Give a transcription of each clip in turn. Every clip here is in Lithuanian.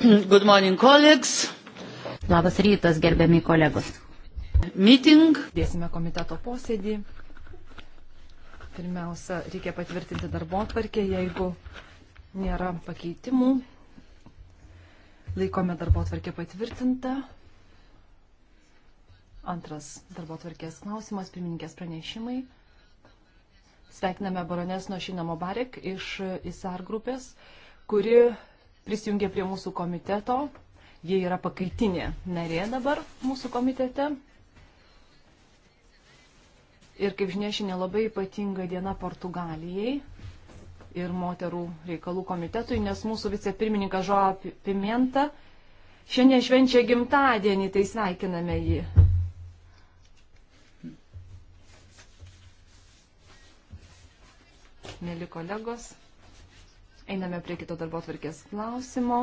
Good morning, colleagues. Labas rytas, gerbiami kolegos. Meeting. Dėsime komiteto posėdį. Pirmiausia, reikia patvirtinti darbo atvarkę, jeigu nėra pakeitimų. Laikome darbo atvarkę patvirtintą. Antras darbo atvarkės klausimas, pirmininkės pranešimai. Sveikiname baronės Nošinamo Barek iš ISAR grupės, kuri prisijungė prie mūsų komiteto. Jie yra pakaitinė narė dabar mūsų komitete. Ir kaip žinia, šiandien labai ypatinga diena Portugalijai ir moterų reikalų komitetui, nes mūsų vicepirmininkas Žoa Pimenta šiandien švenčia gimtadienį, tai sveikiname jį. Mėly kolegos. Einame prie kito darbo tvarkės klausimo.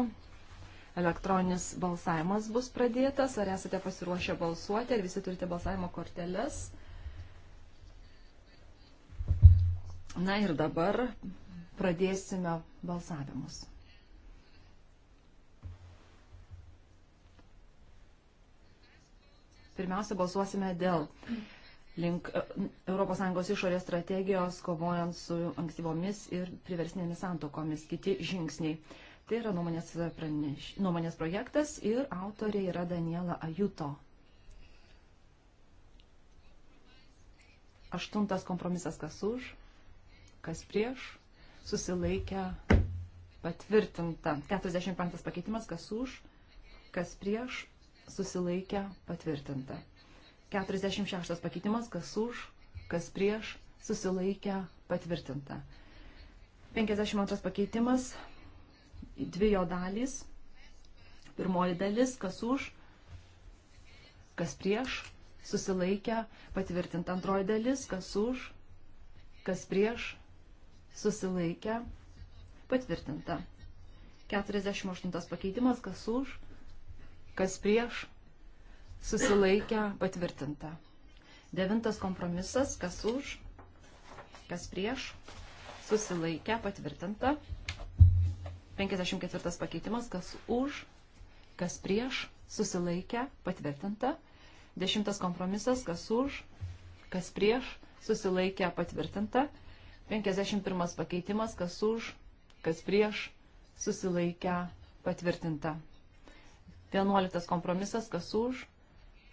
Elektroninis balsavimas bus pradėtas. Ar esate pasiruošę balsuoti, ar visi turite balsavimo korteles? Na ir dabar pradėsime balsavimus. Pirmiausia, balsuosime dėl link ES išorės strategijos, kovojant su ankstyvomis ir priversnėmis santokomis, kiti žingsniai. Tai yra nuomonės, praneš, nuomonės projektas ir autorė yra Daniela Ajuto. Aštuntas kompromisas kas už, kas prieš, susilaikę patvirtinta. 45 pakeitimas kas už, kas prieš, susilaikę patvirtinta. 46 pakeitimas, kas už, kas prieš, susilaikę, patvirtinta. 52 pakeitimas, dvi jo dalys. Pirmoji dalis, kas už, kas prieš, susilaikę, patvirtinta. Antroji dalis, kas už, kas prieš, susilaikę, patvirtinta. 48 pakeitimas, kas už, kas prieš, susilaikę patvirtinta. Devintas kompromisas, kas už, kas prieš, susilaikę patvirtinta. 54 pakeitimas, kas už, kas prieš, susilaikę patvirtinta. Dešimtas kompromisas, kas už, kas prieš, susilaikę patvirtinta. 51 pakeitimas, kas už, kas prieš, susilaikę patvirtinta. 11 kompromisas, kas už,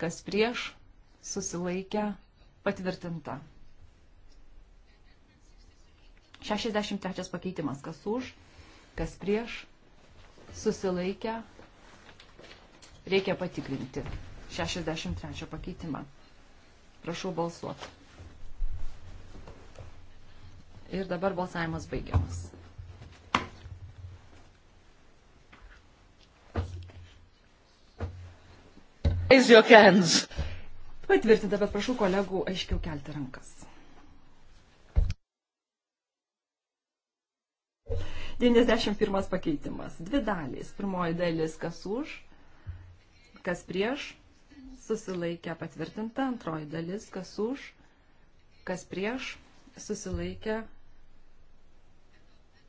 kas prieš, susilaikę, patvirtinta. 63 pakeitimas, kas už, kas prieš, susilaikę, reikia patikrinti. 63 pakeitimą. Prašau balsuoti. Ir dabar balsavimas baigiamas. Raise your hands. Patvirtinta, bet prašau kolegų aiškiau kelti rankas. 91 pakeitimas. Dvi dalys. Pirmoji dalis, kas už, kas prieš, susilaikė patvirtinta. Antroji dalis, kas už, kas prieš, susilaikė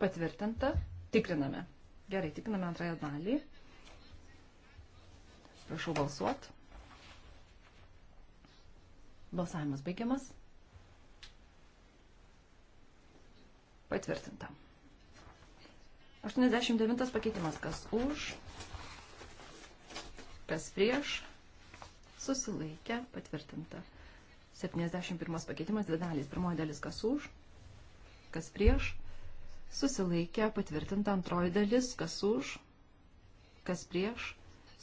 patvirtinta. Tikriname. Gerai, tikriname antrąją dalį. Prašau balsuot. Balsavimas baigiamas. Patvirtinta. 89 pakeitimas. Kas už, kas prieš, susilaikė, patvirtinta. 71 pakeitimas, dvi dalys. Pirmoji dalis kas už, kas prieš, susilaikė, patvirtinta. Antroji dalis kas už, kas prieš,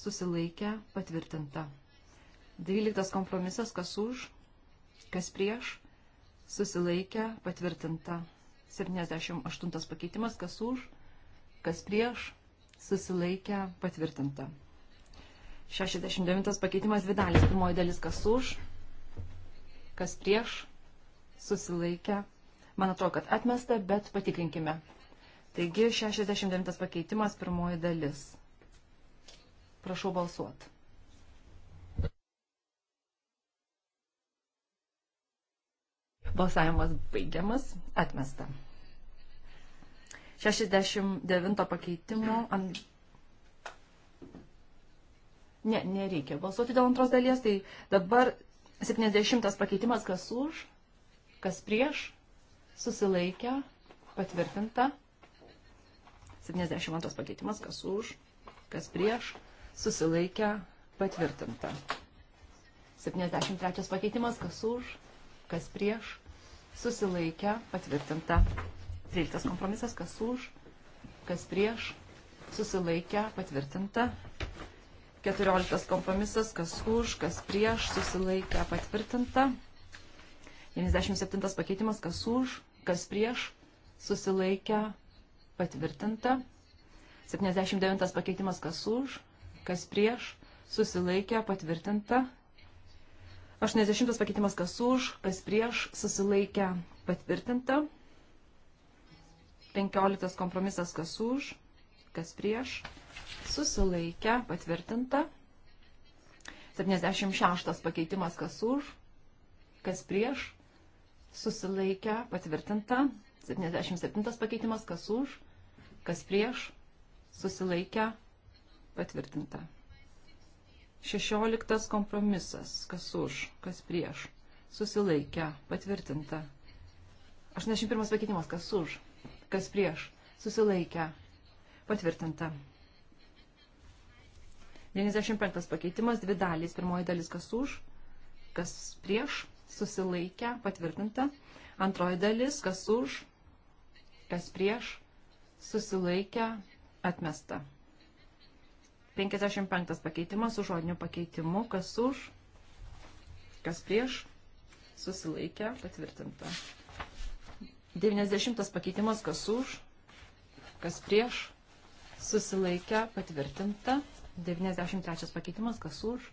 susilaikę, patvirtinta. 12 kompromisas, kas už, kas prieš, susilaikę, patvirtinta. 78 pakeitimas, kas už, kas prieš, susilaikę, patvirtinta. 69 pakeitimas dvi dalis. Pirmoji dalis kas už, kas prieš, susilaikę. Man atrodo, kad atmesta, bet patikrinkime. Taigi 69 pakeitimas pirmoji dalis. Prašau balsuoti. Balsavimas baigiamas, atmesta. 69 pakeitimo ant... Ne, nereikia balsuoti dėl antros dalies, tai dabar 70 pakeitimas, kas už, kas prieš, susilaikę, patvirtinta. 72 pakeitimas, kas už, kas prieš, susilaikę, patvirtinta. 73 pakeitimas, kas už, kas prieš, susilaikę, patvirtinta. 13 kompromisas, kas už, kas prieš, susilaikę, patvirtinta. 14 kompromisas, kas už, kas prieš, susilaikę, patvirtinta. 97 pakeitimas, kas už, kas prieš, susilaikę, patvirtinta. 79 pakeitimas, kas už, kas prieš, susilaikė, patvirtinta. 80 pakeitimas kas už, kas prieš, susilaikė, patvirtinta. 15 kompromisas kas už, kas prieš, susilaikė, patvirtinta. 76 pakeitimas kas už, kas prieš, susilaikė, patvirtinta. 77 pakeitimas kas už, kas prieš, susilaikė, Patvirtinta. 16 kompromisas. Kas už, kas prieš. Susilaikę. Patvirtinta. 81 pakeitimas. Kas už, kas prieš. Susilaikę. Patvirtinta. 95 pakeitimas. Dvi dalys. Pirmoji dalis. Kas už, kas prieš. Susilaikę. Patvirtinta. Antroji dalis. Kas už, kas prieš. Susilaikę. Atmesta. 55 pakeitimas su žodiniu pakeitimu. Kas už, kas prieš, susilaikė, patvirtinta. 90 pakeitimas, kas už, kas prieš, susilaikė, patvirtinta. 93 pakeitimas, kas už,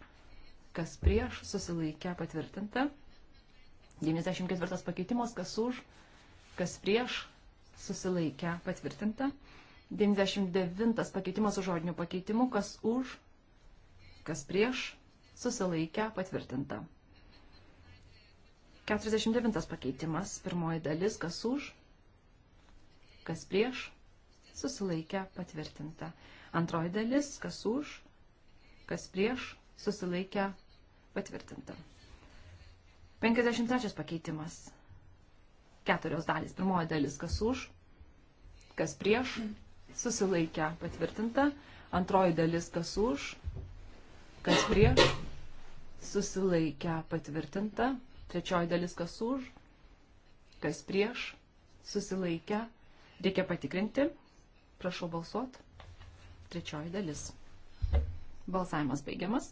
kas prieš, susilaikė, patvirtinta. 94 pakeitimas, kas už, kas prieš, susilaikė, patvirtinta. 99 pakeitimas su žodiniu pakeitimu, kas už, kas prieš, susilaikę, patvirtinta. 49 pakeitimas, pirmoji dalis, kas už, kas prieš, susilaikę, patvirtinta. Antroji dalis, kas už, kas prieš, susilaikę, patvirtinta. 53 pakeitimas, keturios dalys, pirmoji dalis, kas už, kas prieš, susilaikę patvirtinta, antroji dalis kas už, kas prieš, susilaikę patvirtinta, trečioji dalis kas už, kas prieš, susilaikę, reikia patikrinti, prašau balsuot, trečioji dalis. Balsavimas baigiamas.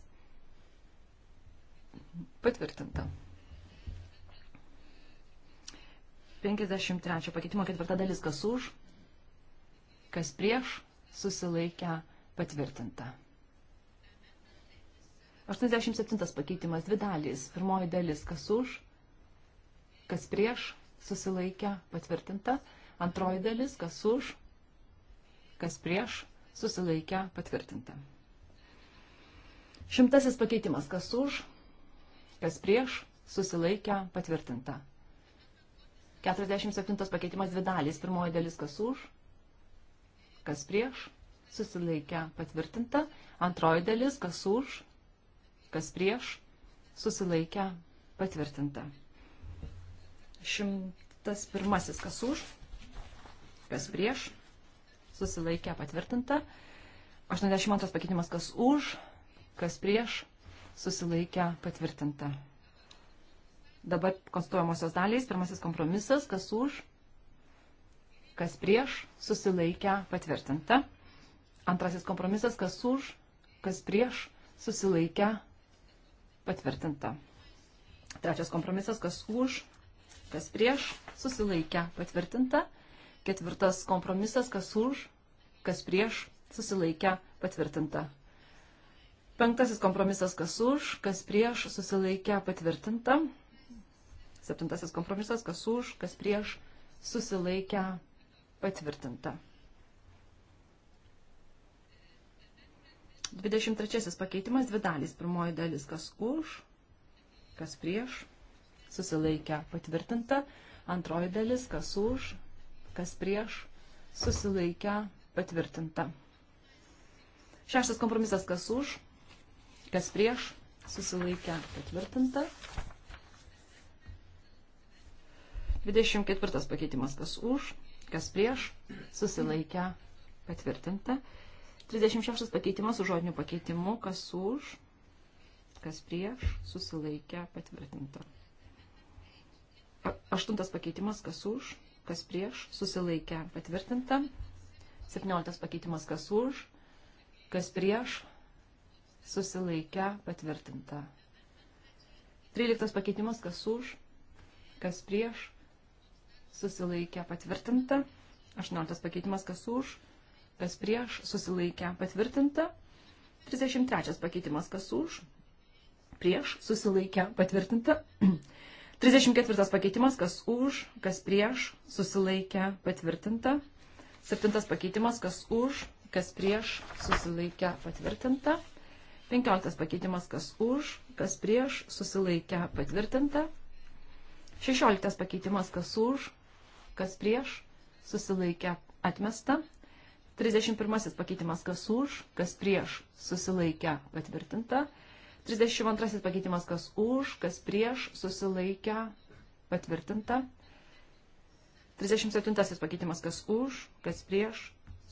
Patvirtinta. 53 pakeitimo ketvirta dalis kas už, kas prieš, susilaikę, patvirtinta. 87 pakeitimas, dvi dalys. Pirmoji dalis, kas už, kas prieš, susilaikę, patvirtinta. Antroji dalis, kas už, kas prieš, susilaikę, patvirtinta. Šimtasis pakeitimas, kas už, kas prieš, susilaikę, patvirtinta. 47 pakeitimas, dvi dalys. Pirmoji dalis, kas už, kas prieš, susilaikę patvirtinta. Antroji dalis, kas už, kas prieš, susilaikę patvirtinta. Šimtas pirmasis, kas už, kas prieš, susilaikę patvirtinta. 82 pakeitimas, kas už, kas prieš, susilaikę patvirtinta. Dabar konstruojamosios dalys, pirmasis kompromisas, kas už, kas prieš, susilaikę, patvirtinta. Antrasis kompromisas, kas už, kas prieš, susilaikę, patvirtinta. Trečias kompromisas, kas už, kas prieš, susilaikę, patvirtinta. Ketvirtas kompromisas, kas už, kas prieš, susilaikę, patvirtinta. Penktasis kompromisas, kas už, kas prieš, susilaikę, patvirtinta. Septintasis kompromisas, kas už, kas prieš, susilaikę, Patvirtinta. 23 pakeitimas, dvi dalys. Pirmoji dalis, kas už, kas prieš, susilaikę patvirtinta. Antroji dalis, kas už, kas prieš, susilaikę patvirtinta. Šeštas kompromisas, kas už, kas prieš, susilaikę patvirtinta. 24 pakeitimas, kas už, kas prieš, susilaikę, patvirtinta. 36 pakeitimas su žodiniu pakeitimu, kas už, kas prieš, susilaikę, patvirtinta. Aštuntas pakeitimas, kas už, kas prieš, susilaikę, patvirtinta. 17 pakeitimas, kas už, kas prieš, susilaikę, patvirtinta. 13 pakeitimas, kas už, kas prieš, susilaikė patvirtinta. 18 pakeitimas kas už, kas prieš, susilaikė patvirtinta. 33 pakeitimas kas už, prieš, susilaikė patvirtinta. 34 pakeitimas kas už, kas prieš, susilaikė patvirtinta. 7 pakeitimas kas už, kas prieš, susilaikė patvirtinta. 15 pakeitimas kas už, kas prieš, susilaikė patvirtinta. 16 pakeitimas kas už, kas prieš, susilaikė atmesta. 31 pakeitimas kas už, kas prieš, susilaikė patvirtinta. 32 pakeitimas kas už, kas prieš, susilaikė patvirtinta. 37 pakeitimas kas už, kas prieš,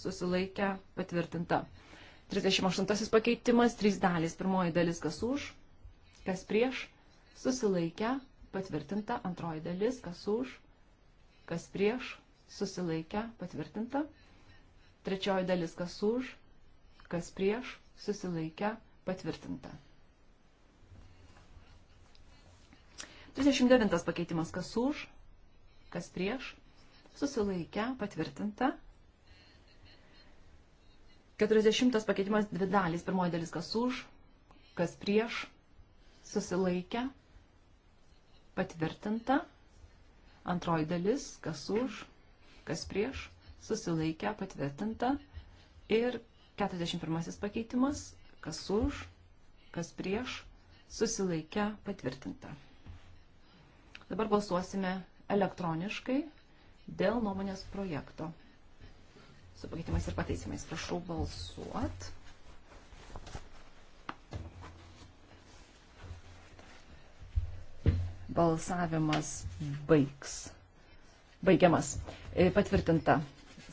susilaikė patvirtinta. 38 pakeitimas, 3 dalys. Pirmoji dalis kas už, kas prieš, susilaikę, patvirtinta. Antroji dalis kas už, kas prieš, susilaikę, patvirtinta. Trečioji dalis, kas už, kas prieš, susilaikę, patvirtinta. 39 pakeitimas, kas už, kas prieš, susilaikę, patvirtinta. 40 pakeitimas, dvi dalys, pirmoji dalis, kas už, kas prieš, susilaikę, patvirtinta. Antroji dalis, kas už, kas prieš, susilaikę, patvirtinta. Ir 41 pakeitimas, kas už, kas prieš, susilaikę, patvirtinta. Dabar balsuosime elektroniškai dėl nuomonės projekto. Su pakeitimais ir pataisimais prašau balsuoti. Balsavimas baigs. Baigiamas. E, patvirtinta.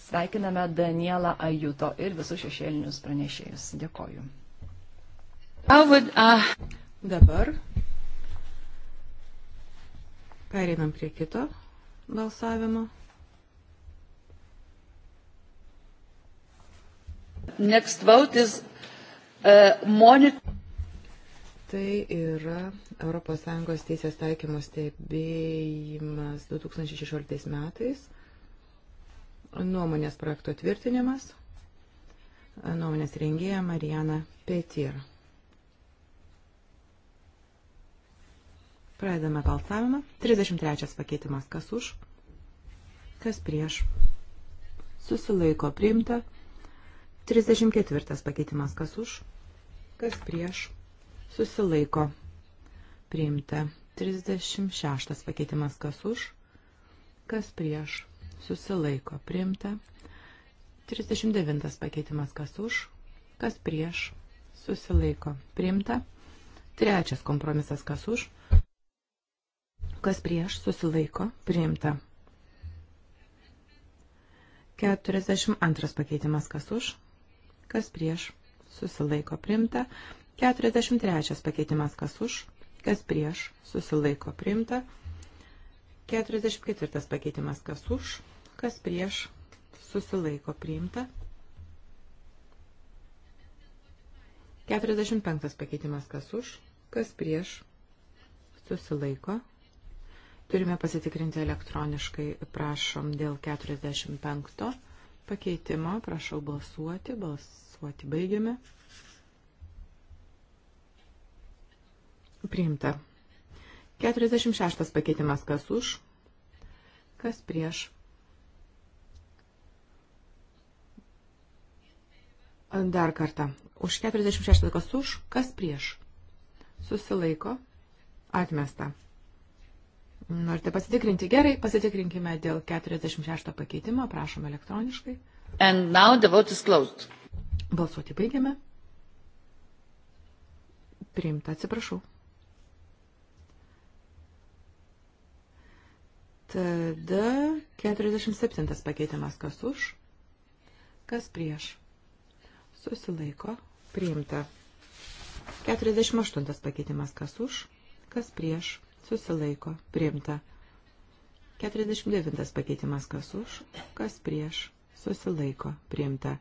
Sveikiname Danielą Ajuto ir visus šešėlinius pranešėjus. Dėkoju. Would, uh... Dabar pereinam prie kito balsavimo. Next vote is uh, monitor tai yra ES teisės taikymo stebėjimas 2016 metais, nuomonės projekto tvirtinimas, nuomonės rengėja Marijana Petir. Pradedame balsavimą. 33 pakeitimas kas už, kas prieš. Susilaiko priimta. 34 pakeitimas kas už, kas prieš susilaiko priimta. 36 pakeitimas kas už, kas prieš susilaiko priimta. 39 pakeitimas kas už, kas prieš susilaiko priimta. Trečias kompromisas kas už, kas prieš susilaiko priimta. 42 pakeitimas kas už, kas prieš susilaiko priimta. 43 pakeitimas kas už, kas prieš, susilaiko priimta. 44 pakeitimas kas už, kas prieš, susilaiko priimta. 45 pakeitimas kas už, kas prieš, susilaiko. Turime pasitikrinti elektroniškai, prašom, dėl 45 pakeitimo, prašau balsuoti, balsuoti baigiame. priimta. 46 pakeitimas kas už, kas prieš. Dar kartą. Už 46 kas už, kas prieš. Susilaiko. Atmesta. Norite pasitikrinti gerai, pasitikrinkime dėl 46 pakeitimo, prašom elektroniškai. And now the vote is closed. Balsuoti baigiame. Priimta, atsiprašau. Tada 47 pakeitimas kas už, kas prieš. Susilaiko, priimta. 48 pakeitimas kas už, kas prieš. Susilaiko, priimta. 49 pakeitimas kas už, kas prieš. Susilaiko, priimta.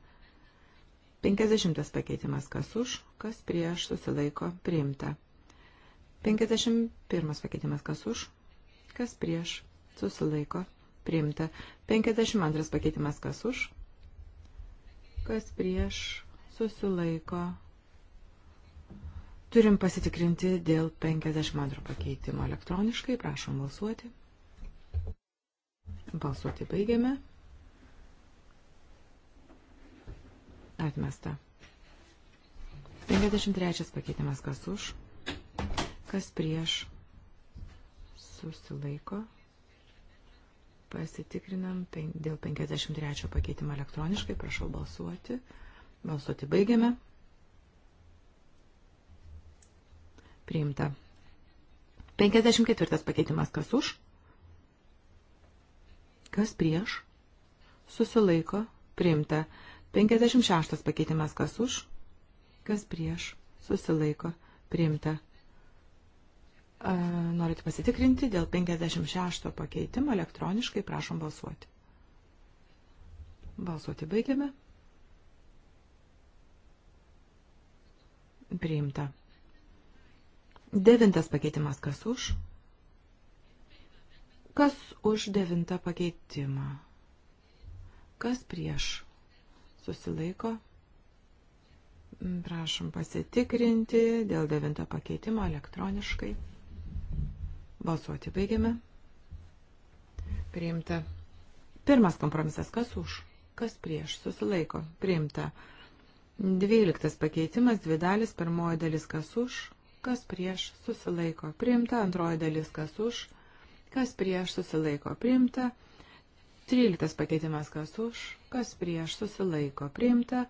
50 pakeitimas kas už, kas prieš, susilaiko, priimta. 51 pakeitimas kas už, kas prieš, susilaiko priimta. 52 pakeitimas kas už, kas prieš susilaiko. Turim pasitikrinti dėl 52 pakeitimo elektroniškai, prašom balsuoti. Balsuoti baigiame. Atmesta. 53 pakeitimas kas už, kas prieš susilaiko Pasitikrinam dėl 53 pakeitimo elektroniškai. Prašau balsuoti. Balsuoti baigiame. Priimta. 54 pakeitimas kas už? Kas prieš? Susilaiko. Priimta. 56 pakeitimas kas už? Kas prieš? Susilaiko. Priimta. Norite pasitikrinti dėl 56 pakeitimo elektroniškai, prašom balsuoti. Balsuoti baigiame. Priimta. Devintas pakeitimas kas už? Kas už devintą pakeitimą? Kas prieš? Susilaiko. Prašom pasitikrinti dėl devinto pakeitimo elektroniškai. Balsuoti baigiame. Priimta. Pirmas kompromisas. Kas už? Kas prieš? Susilaiko. Priimta. Dvyliktas pakeitimas. Dvi dalis. Pirmoji dalis. Kas už? Kas prieš? Susilaiko. Priimta. Antroji dalis. Kas už? Kas prieš? Susilaiko. Priimta. Tryliktas pakeitimas. Kas už? Kas prieš? Susilaiko. Priimta.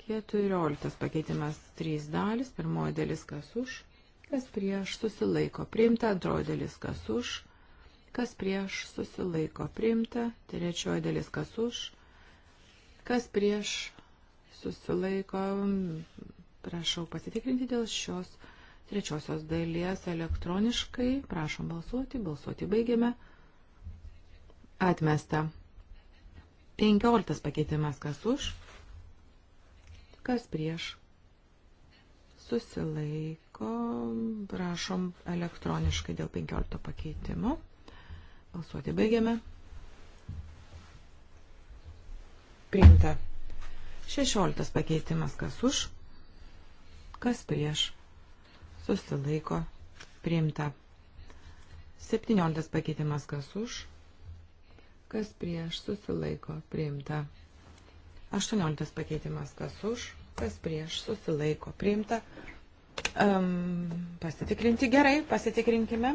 Keturioliktas pakeitimas. Trys dalis. Pirmoji dalis. Kas už? kas prieš susilaiko priimta, antroji dalis kas už, kas prieš susilaiko priimta, trečioji dalis kas už, kas prieš susilaiko, prašau pasitikrinti dėl šios trečiosios dalies elektroniškai, prašom balsuoti, balsuoti baigiame, atmesta. 15 pakeitimas kas už, kas prieš susilaiko laiko. Prašom elektroniškai dėl 15 pakeitimo. Balsuoti baigiame. Priimta. 16 pakeitimas kas už, kas prieš. Susilaiko. Priimta. 17 pakeitimas kas už, kas prieš. Susilaiko. Priimta. 18 pakeitimas kas už, kas prieš. Susilaiko. Priimta. Um, pasitikrinti gerai, pasitikrinkime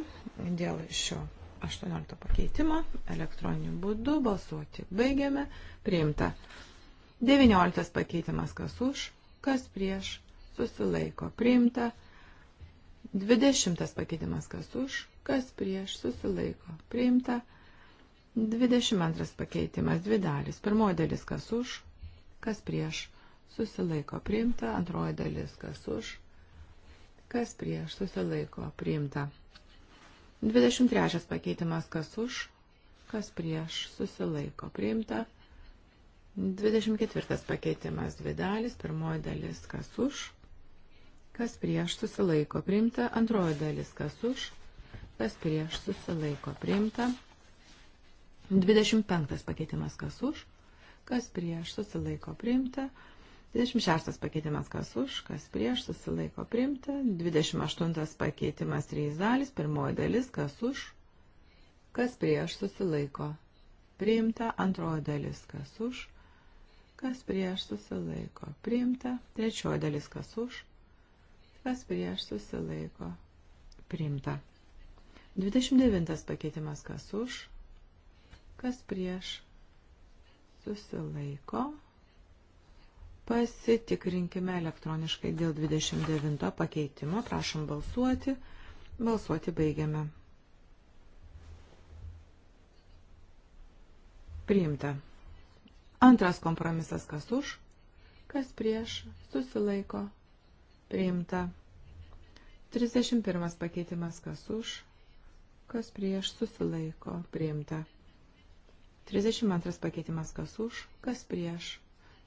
dėl šio 18 pakeitimo elektroniniu būdu balsuoti. Baigiame, priimta. 19 pakeitimas kas už, kas prieš, susilaiko, priimta. 20 pakeitimas kas už, kas prieš, susilaiko, priimta. 22 pakeitimas, dvi dalis. Pirmoji dalis kas už, kas prieš, susilaiko, priimta. Antroji dalis kas už, kas prieš susilaiko priimta. 23 pakeitimas kas už, kas prieš susilaiko priimta. 24 pakeitimas dvi dalis, pirmoji dalis kas už, kas prieš susilaiko priimta, antroji dalis kas už, kas prieš susilaiko priimta. 25 pakeitimas kas už, kas prieš susilaiko priimta. 26 pakeitimas kas už, kas prieš, susilaiko primta. 28 pakeitimas 3 dalis, pirmoji dalis kas už, kas prieš, susilaiko priimta. Antroji dalis kas už, kas prieš, susilaiko priimta. Trečioji dalis kas už, kas prieš, susilaiko priimta. 29 pakeitimas kas už, kas prieš, susilaiko priimta Pasitikrinkime elektroniškai dėl 29 pakeitimo. Prašom balsuoti. Balsuoti baigiame. Priimta. Antras kompromisas kas už, kas prieš, susilaiko. Priimta. 31 pakeitimas kas už, kas prieš, susilaiko. Priimta. 32 pakeitimas kas už, kas prieš,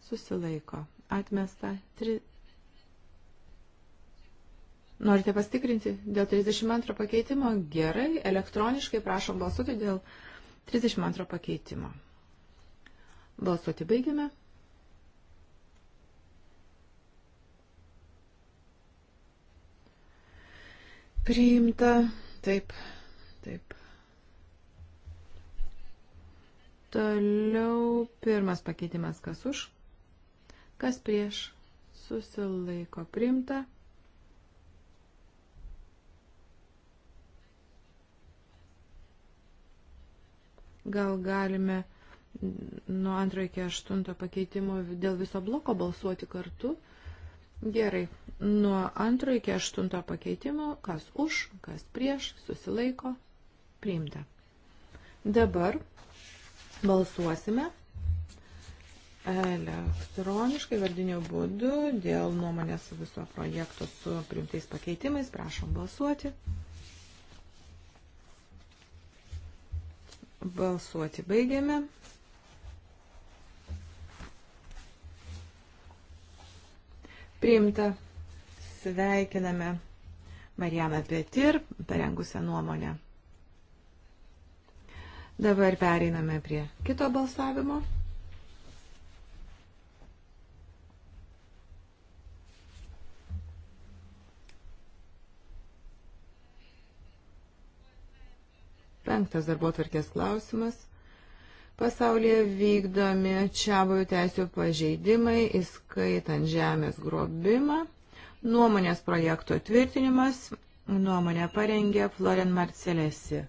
susilaiko, atmesta. Tri... Norite pastikrinti dėl 32 pakeitimo? Gerai, elektroniškai prašom balsuoti dėl 32 pakeitimo. Balsuoti baigiame. Priimta, taip, taip. Toliau pirmas pakeitimas, kas už, Kas prieš? Susilaiko primta. Gal galime nuo antro iki aštunto pakeitimo dėl viso bloko balsuoti kartu? Gerai. Nuo antro iki aštunto pakeitimo, kas už, kas prieš, susilaiko, priimta. Dabar balsuosime elektroniškai vardiniu būdu dėl nuomonės viso projekto su primtais pakeitimais. Prašom balsuoti. Balsuoti baigiame. Priimta. Sveikiname Marijaną Petir, parengusią nuomonę. Dabar pereiname prie kito balsavimo. Penktas darbo tvarkės klausimas. Pasaulyje vykdomi čia buvų teisų pažeidimai, įskaitant žemės grobimą, nuomonės projekto tvirtinimas, nuomonę parengė Florian Marcelesi.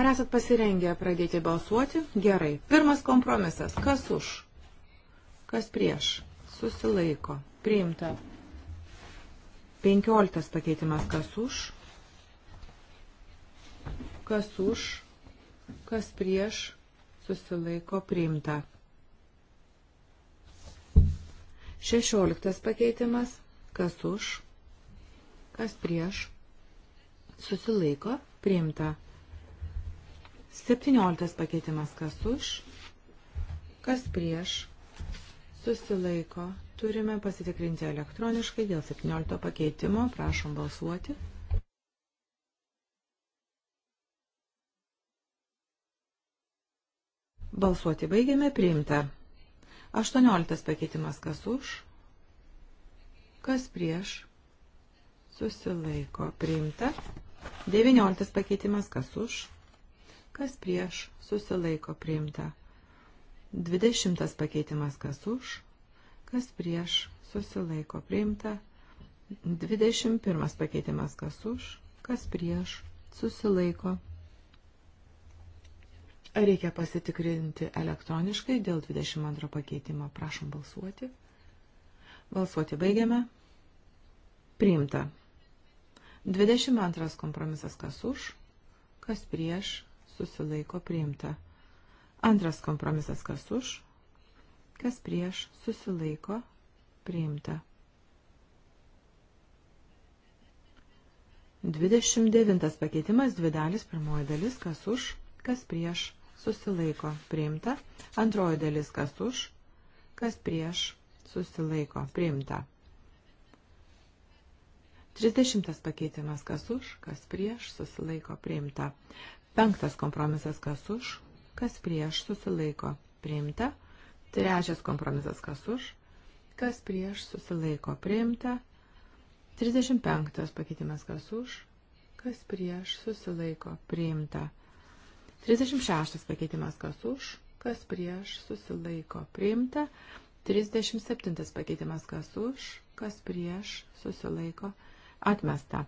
Ar esat pasirengę pradėti balsuoti? Gerai. Pirmas kompromisas. Kas už? Kas prieš? Susilaiko. Priimta. 15 pakeitimas kas už, kas už, kas prieš, susilaiko priimta. 16 pakeitimas kas už, kas prieš, susilaiko priimta. 17 pakeitimas kas už, kas prieš, susilaiko Turime pasitikrinti elektroniškai dėl 17 pakeitimo. Prašom balsuoti. Balsuoti baigiame priimta. 18 pakeitimas kas už, kas prieš, susilaiko priimta. 19 pakeitimas kas už, kas prieš, susilaiko priimta. 20 pakeitimas kas už, kas prieš, susilaiko priimta. 21 pakeitimas, kas už, kas prieš, susilaiko. Reikia pasitikrinti elektroniškai dėl 22 pakeitimo. Prašom balsuoti. Balsuoti baigiame. Priimta. 22 kompromisas kas už, kas prieš, susilaiko priimta. Antras kompromisas kas už, kas prieš susilaiko priimta. 29 pakeitimas, dvi dalis, pirmoji dalis, kas už, kas prieš susilaiko priimta, antroji dalis, kas už, kas prieš susilaiko priimta. 30 pakeitimas, kas už, kas prieš susilaiko priimta. Penktas kompromisas, kas už, kas prieš susilaiko priimta. Trečias kompromisas kas už, kas prieš susilaiko priimta. 35 pakeitimas kas už, kas prieš susilaiko priimta. 36 pakeitimas kas už, kas prieš susilaiko priimta. 37 pakeitimas kas už, kas prieš susilaiko atmesta.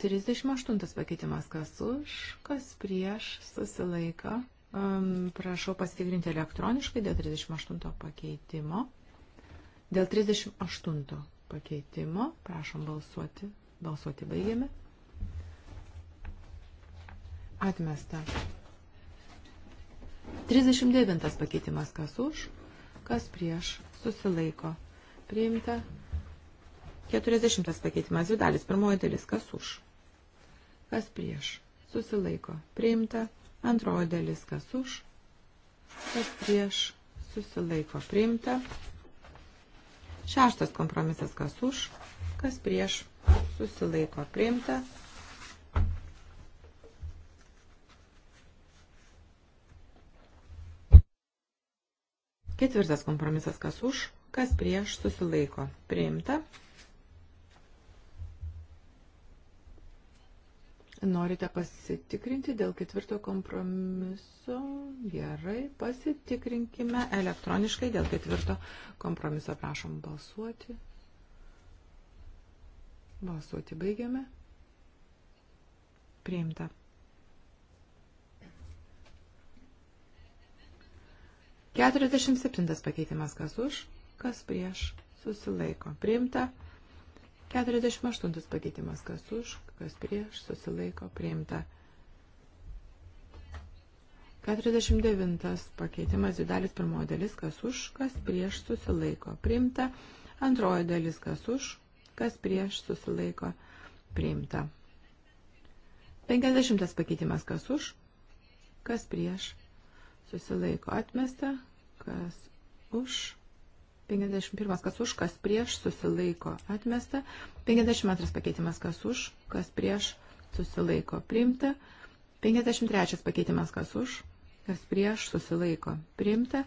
38 pakeitimas kas už, kas prieš susilaiko Prašau pasitikrinti elektroniškai dėl 38 pakeitimo. Dėl 38 pakeitimo prašom balsuoti. Balsuoti baigiame. Atmesta. 39 pakeitimas kas už, kas prieš, susilaiko. Priimta. 40 pakeitimas dvi dalis, pirmoji dalis kas už, kas prieš, susilaiko. Priimta. Antroji dalis, kas už, kas prieš, susilaiko priimta. Šeštas kompromisas, kas už, kas prieš, susilaiko priimta. Ketvirtas kompromisas, kas už, kas prieš, susilaiko priimta. Norite pasitikrinti dėl ketvirto kompromiso? Gerai, pasitikrinkime elektroniškai dėl ketvirto kompromiso. Prašom balsuoti. Balsuoti baigiame. Priimta. Keturiasdešimt septintas pakeitimas. Kas už, kas prieš. Susilaiko. Priimta. Priimta. 48 pakeitimas, kas už, kas prieš, susilaiko, priimta. 49 pakeitimas, dalis pirmoji dalis, kas už, kas prieš, susilaiko, priimta. Antroji dalis, kas už, kas prieš, susilaiko, priimta. 50 pakeitimas, kas už, kas prieš, susilaiko, atmesta, kas už, 51 kas už, kas prieš susilaiko atmesta. 52 pakeitimas kas už, kas prieš susilaiko priimta. 53 pakeitimas kas už, kas prieš susilaiko priimta.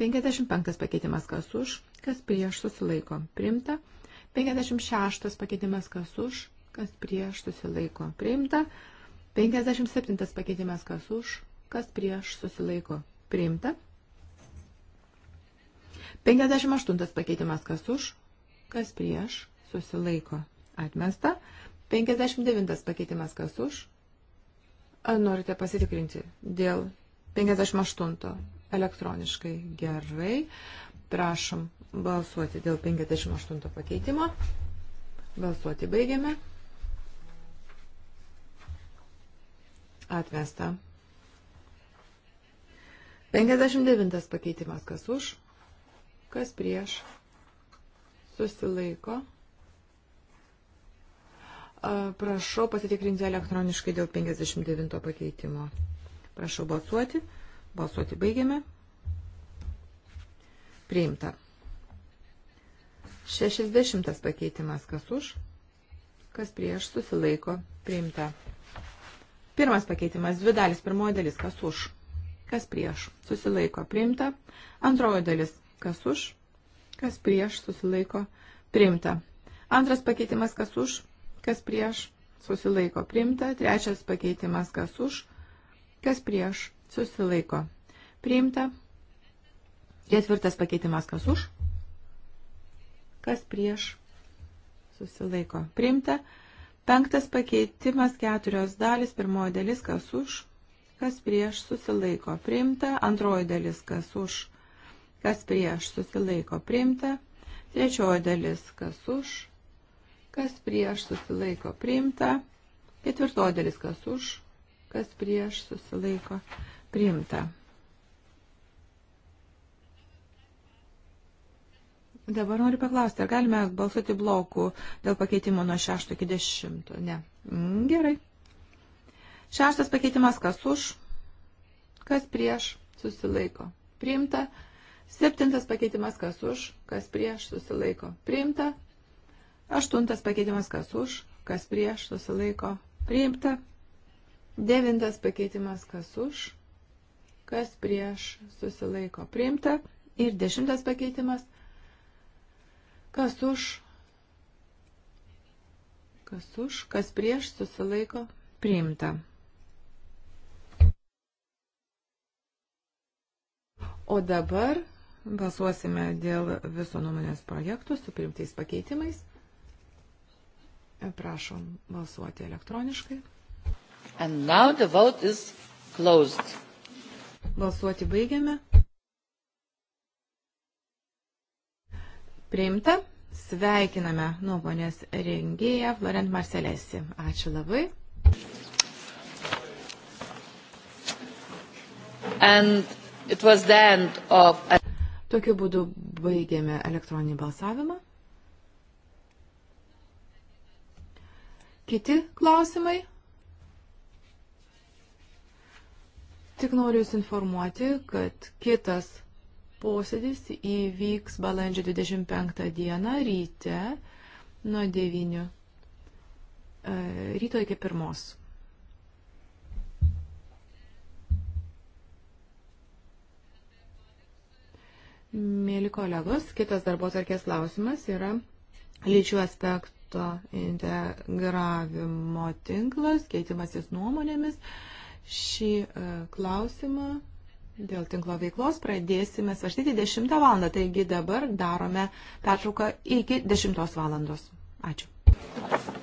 55 pakeitimas kas už, kas prieš susilaiko priimta. 56 pakeitimas kas už, kas prieš susilaiko priimta. 57 pakeitimas kas už, kas prieš susilaiko priimta. 58 pakeitimas kas už, kas prieš, susilaiko, atmesta. 59 pakeitimas kas už. Ar norite pasitikrinti dėl 58 elektroniškai gerai. Prašom balsuoti dėl 58 pakeitimo. Balsuoti baigiame. Atvesta. 59 pakeitimas kas už kas prieš susilaiko. Prašau pasitikrinti elektroniškai dėl 59 pakeitimo. Prašau balsuoti. Balsuoti baigiame. Priimta. 60 pakeitimas kas už, kas prieš susilaiko. Priimta. Pirmas pakeitimas, dvi dalis, pirmoji dalis, kas už, kas prieš, susilaiko, priimta. Antroji dalis, kas už, kas prieš susilaiko priimta. Antras pakeitimas, kas už, kas prieš susilaiko priimta. Trečias pakeitimas, kas už, kas prieš susilaiko priimta. Ketvirtas pakeitimas, kas už, kas prieš susilaiko priimta. Penktas pakeitimas, keturios dalis, pirmoji dalis, kas už, kas prieš susilaiko priimta, antroji dalis, kas už, kas prieš susilaiko priimta. Trečioji dalis, kas už, kas prieš susilaiko priimta. Ketvirtoji dalis, kas už, kas prieš susilaiko priimta. Dabar noriu paklausti, ar galime balsuoti blokų dėl pakeitimo nuo 6 iki 10? Ne. Mm, gerai. Šeštas pakeitimas, kas už, kas prieš, susilaiko. Priimta. Septintas pakeitimas kas už, kas prieš susilaiko priimta. Aštuntas pakeitimas kas už, kas prieš susilaiko priimta. Devintas pakeitimas kas už, kas prieš susilaiko priimta. Ir dešimtas pakeitimas kas už, kas už, kas prieš susilaiko priimta. O dabar Balsuosime dėl viso nuomonės projektų su priimtais pakeitimais. Prašom balsuoti elektroniškai. And now the vote is closed. Balsuoti baigiame. Priimta. Sveikiname nuomonės rengėją Florent Marcelesi. Ačiū labai. And it was the end of... Tokiu būdu baigėme elektroninį balsavimą. Kiti klausimai? Tik noriu Jūs informuoti, kad kitas posėdis įvyks balandžio 25 dieną ryte nuo 9 e, ryto iki 1. Mėly kolegos, kitas darbo tarkės klausimas yra lyčių aspekto integravimo tinklas, keitimasis nuomonėmis. Šį e, klausimą dėl tinklo veiklos pradėsime svarstyti 10 val. Taigi dabar darome pertrauką iki 10 val. Ačiū.